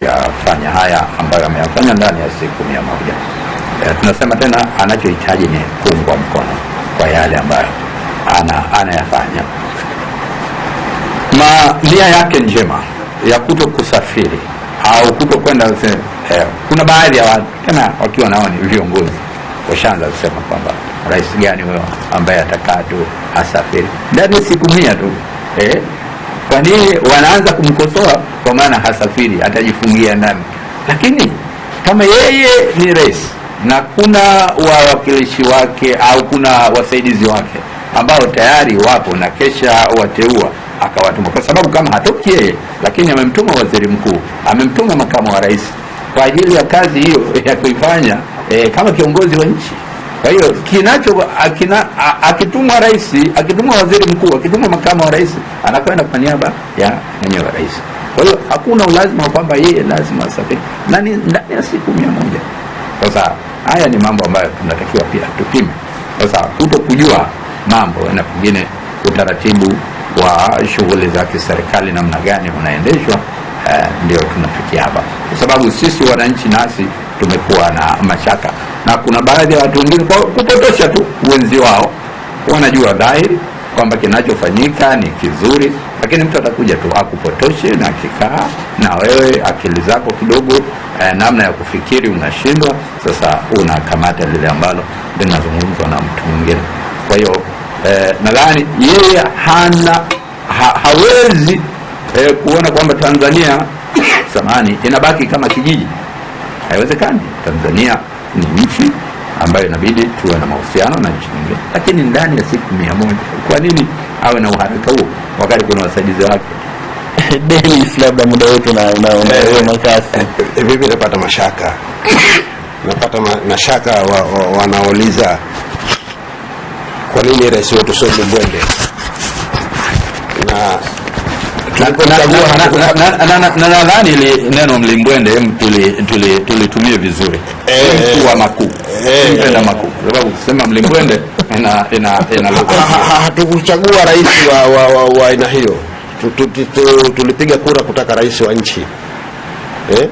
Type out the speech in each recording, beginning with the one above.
yafanya haya ambayo ameyafanya ndani ya siku mia moja. E, tunasema tena anachohitaji ni kuungwa mkono kwa yale ambayo anayafanya. Ana nia yake njema ya kuto kusafiri au kuto kwenda eh, kuna baadhi ya watu tena wakiwa nao ni viongozi washaanza kusema kwamba rais gani huyo ambaye atakaa tu asafiri ndani ya siku mia tu eh, kwa nini wanaanza kumkosoa? Kwa maana hasafiri, atajifungia ndani. Lakini kama yeye ni rais na kuna wawakilishi wake au kuna wasaidizi wake ambao tayari wapo na kesha wateua akawatuma, kwa sababu kama hatoki yeye, lakini amemtuma waziri mkuu, amemtuma makamu wa rais kwa ajili ya kazi hiyo ya kuifanya eh, kama kiongozi wa nchi. Kwa hiyo kinacho akina, akitumwa rais, akitumwa waziri mkuu, akitumwa makamu wa rais anakwenda kwa niaba ya mwenyewe wa rais. Kwa hiyo hakuna ulazima kwamba yeye lazima asafiri nani ndani ya siku mia moja. Sasa haya ni mambo ambayo tunatakiwa pia tupime. Sasa kuto kujua mambo na pengine utaratibu wa shughuli za kiserikali namna gani unaendeshwa, eh, ndio tunafikia hapa, kwa sababu sisi wananchi nasi tumekuwa na mashaka na kuna baadhi ya watu wengine kwa kupotosha tu wenzi wao, wanajua dhahiri kwamba kinachofanyika ni kizuri, lakini mtu atakuja tu akupotoshe, na akikaa na wewe akili zako kidogo eh, namna ya kufikiri unashindwa. Sasa unakamata lile ambalo linazungumzwa na mtu mwingine. Kwa hiyo eh, nadhani yeye hana ha, hawezi eh, kuona kwamba Tanzania samani inabaki kama kijiji. Haiwezekani Tanzania ni nchi ambayo inabidi tuwe na mahusiano na nchi nyingine, lakini ndani ya siku mia moja. Kwa nini awe na uharaka huo wakati kuna wasaidizi wake? Dennis, labda muda wetu eh, eh, vipi? Napata mashaka napata mashaka wa, wa, wanaouliza kwa nini rais wetu Sudi Gwende na nadhani na, neno mlimbwende tulitumie vizuri Eh, eh. mtu makuu eh, mpenda makuu, kwa sababu mlimbwende ina ina ina ah, ah, ah, Hatukuchagua rais wa aina hiyo, tulipiga kura kutaka rais wa nchi eh?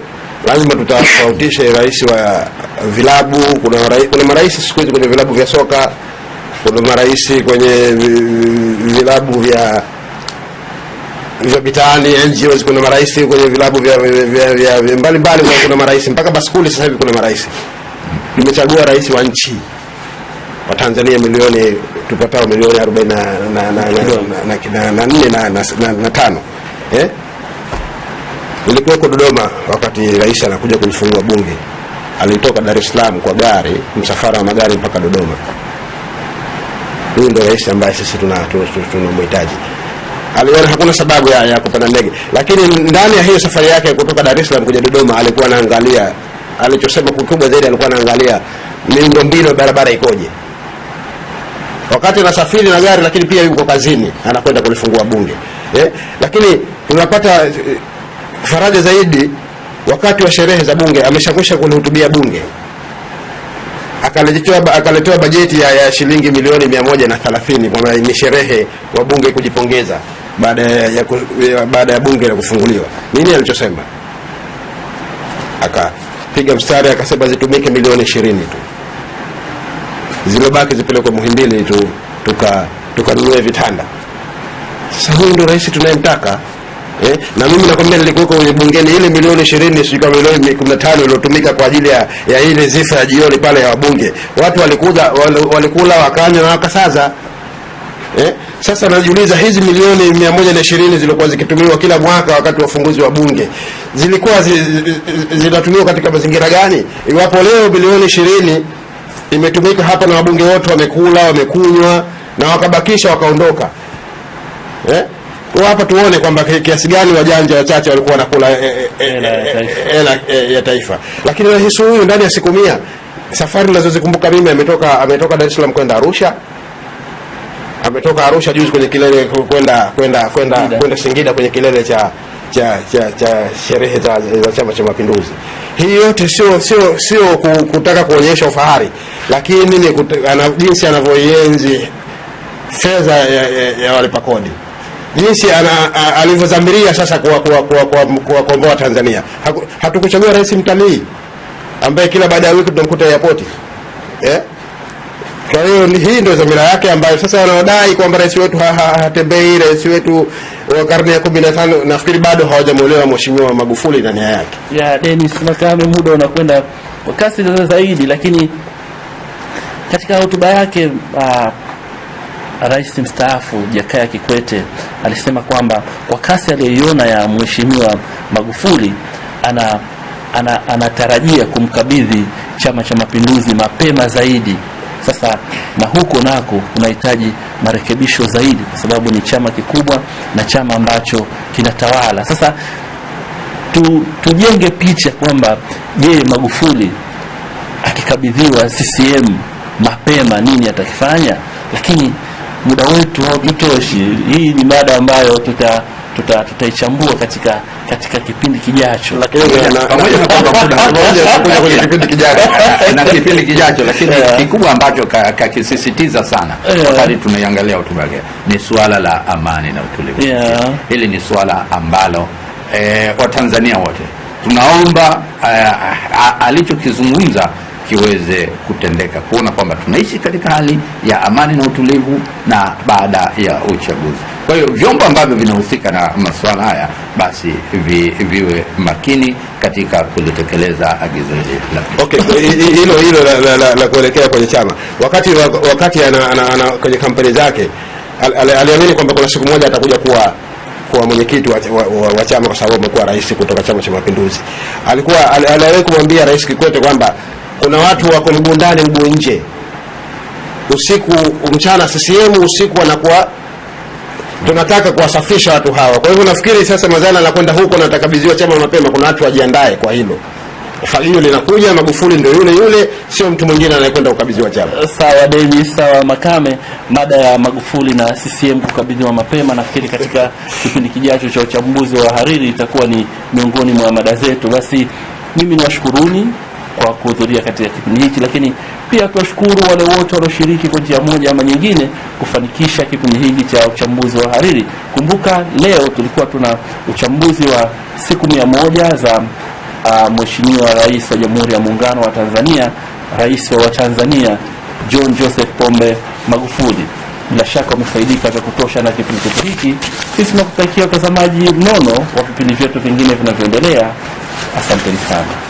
Lazima tutafautishe rais wa vilabu. Kuna marahisi kuna marais siku hizi kwenye vilabu vya soka, kuna marais kwenye vilabu vya vya mitaani NGOs, kuna marais kwenye vilabu vya mbalimbali mbali, kuna marais mpaka baskuli sasa hivi kuna marais. Nimechagua rais wa nchi wa Tanzania milioni tupatao milioni 40 na tano eh, nilikuweko Dodoma wakati rais anakuja kulifungua bunge, alitoka Dar es Salaam kwa gari, msafara wa magari mpaka Dodoma. Huyu ndio rais ambaye sisi tunamhitaji tuna, tuna, tuna Aliona hakuna sababu ya, ya kupanda ndege, lakini ndani ya hiyo safari yake kutoka Dar es Salaam kuja Dodoma alikuwa anaangalia, alichosema kikubwa zaidi alikuwa anaangalia miundombinu ya barabara ikoje wakati anasafiri na gari, lakini pia yuko kazini, anakwenda kulifungua bunge eh? Lakini tunapata eh, faraja zaidi wakati wa sherehe za bunge, ameshakwisha kulihutubia bunge, akaletewa akaletewa bajeti ya, ya shilingi milioni mia moja na thelathini kwa sherehe wa bunge kujipongeza baada ya baada ya bunge la kufunguliwa, nini alichosema? Akapiga mstari akasema zitumike milioni ishirini tu, zilobaki zipelekwe Muhimbili tu tukanunue tuka vitanda. Sasa huyu ndio rais tunayemtaka eh? Na mimi nakwambia nilikuwa kwenye bungeni ile milioni ishirini sijui kama milioni kumi na tano iliyotumika kwa ajili ya, ya ile zifa ya jioni pale ya wabunge, watu walikula, walikula wakanywa na wakasaza. Eh, sasa najiuliza hizi milioni mia moja na ishirini zilikuwa zikitumiwa kila mwaka wakati wa ufunguzi wa bunge zilikuwa zinatumiwa katika mazingira gani? Iwapo leo bilioni ishirini imetumika hapa na wabunge wote wamekula wamekunywa na wakabakisha wakaondoka, eh? Hapa tuone kwamba kiasi gani wajanja wachache walikuwa wanakula eh, eh, eh, hela ya taifa. Lakini rais huyu ndani ya siku mia, safari nazozikumbuka mimi ametoka ametoka Dar es Salaam kwenda Arusha ametoka Arusha juzi kwenye kilele kwenda kwenda kwenda kwenda Singida kwenye kilele cha cha cha, cha sherehe za, za Chama cha Mapinduzi. Hii yote sio sio sio kutaka kuonyesha ufahari, lakini ni jinsi anavyoienzi fedha ya, ya, ya walipa kodi jinsi alivyozamiria sasa kuwakomboa Tanzania. Hatukuchagua rais mtalii ambaye kila baada ya wiki tunamkuta airport eh? Kwa hiyo hii ndio dhamira yake ambayo sasa wanaodai kwamba rais wetu hatembei, rais wetu wa karne ya 15 nafikiri bado hawajamuelewa mheshimiwa Magufuli na nia yake. Ya Dennis Makame, muda unakwenda kwa kasi zaidi, lakini katika hotuba yake uh, rais mstaafu Jakaya Kikwete alisema kwamba kwa kasi aliyoiona ya mheshimiwa Magufuli ana anatarajia ana kumkabidhi Chama cha Mapinduzi mapema zaidi sasa na huko nako kunahitaji marekebisho zaidi, kwa sababu ni chama kikubwa na chama ambacho kinatawala. Sasa tu, tujenge picha kwamba je, Magufuli akikabidhiwa CCM mapema nini atakifanya? Lakini muda wetu haututoshi. Hii ni mada ambayo tutaichambua tuta, tuta katika katika kipindi kijacho, lakini pamoja na kwamba kuna kwenye eh. kipindi kijacho na kipindi kijacho, lakini eh. kikubwa ambacho kakisisitiza sana eh. wakati tunaiangalia hotuba yake ni suala la amani na utulivu. Hili ni suala ambalo Watanzania wote tunaomba alichokizungumza kiweze kutendeka, kuona kwamba tunaishi katika hali ya amani na utulivu na baada ya uchaguzi kwa hiyo vyombo ambavyo vinahusika na masuala haya basi vi, viwe makini katika kulitekeleza agizo hili. Okay, hilo hilo la, la, la, la kuelekea kwenye chama wakati wakati ana, ana, ana, kwenye kampeni zake aliamini kwamba kuna siku moja atakuja kuwa kuwa mwenyekiti wa, wa, wa, wa chama kwa sababu amekuwa rais kutoka Chama cha Mapinduzi. Alikuwa al, aliwahi kumwambia Rais Kikwete kwamba kuna watu wako mguu ndani mguu nje, usiku mchana CCM, usiku wanakuwa tunataka kuwasafisha watu hawa. Kwa hivyo nafikiri sasa Mazana anakwenda huko na atakabidhiwa chama mapema, kuna watu wajiandae kwa hilo. Falio linakuja, Magufuli ndio yule yule, sio mtu mwingine anayekwenda kukabidhiwa chama. Sawa Deni, sawa Makame. Mada ya Magufuli na CCM kukabidhiwa mapema, nafikiri katika kipindi kijacho cha uchambuzi wa hariri itakuwa ni miongoni mwa mada zetu. Basi mimi niwashukuruni kwa kuhudhuria katika kipindi hiki, lakini pia tuwashukuru wale wote walioshiriki kwa njia moja ama nyingine kufanikisha kipindi hiki cha uchambuzi wa hariri. Kumbuka leo tulikuwa tuna uchambuzi wa siku mia moja za uh, Mheshimiwa Rais wa Jamhuri ya Muungano wa Tanzania, Rais wa Tanzania John Joseph Pombe Magufuli. Bila shaka wamefaidika vya kutosha na kipindi chetu hiki. Sisi tunakutakia utazamaji mnono wa vipindi vyetu vingine vinavyoendelea. Asanteni sana.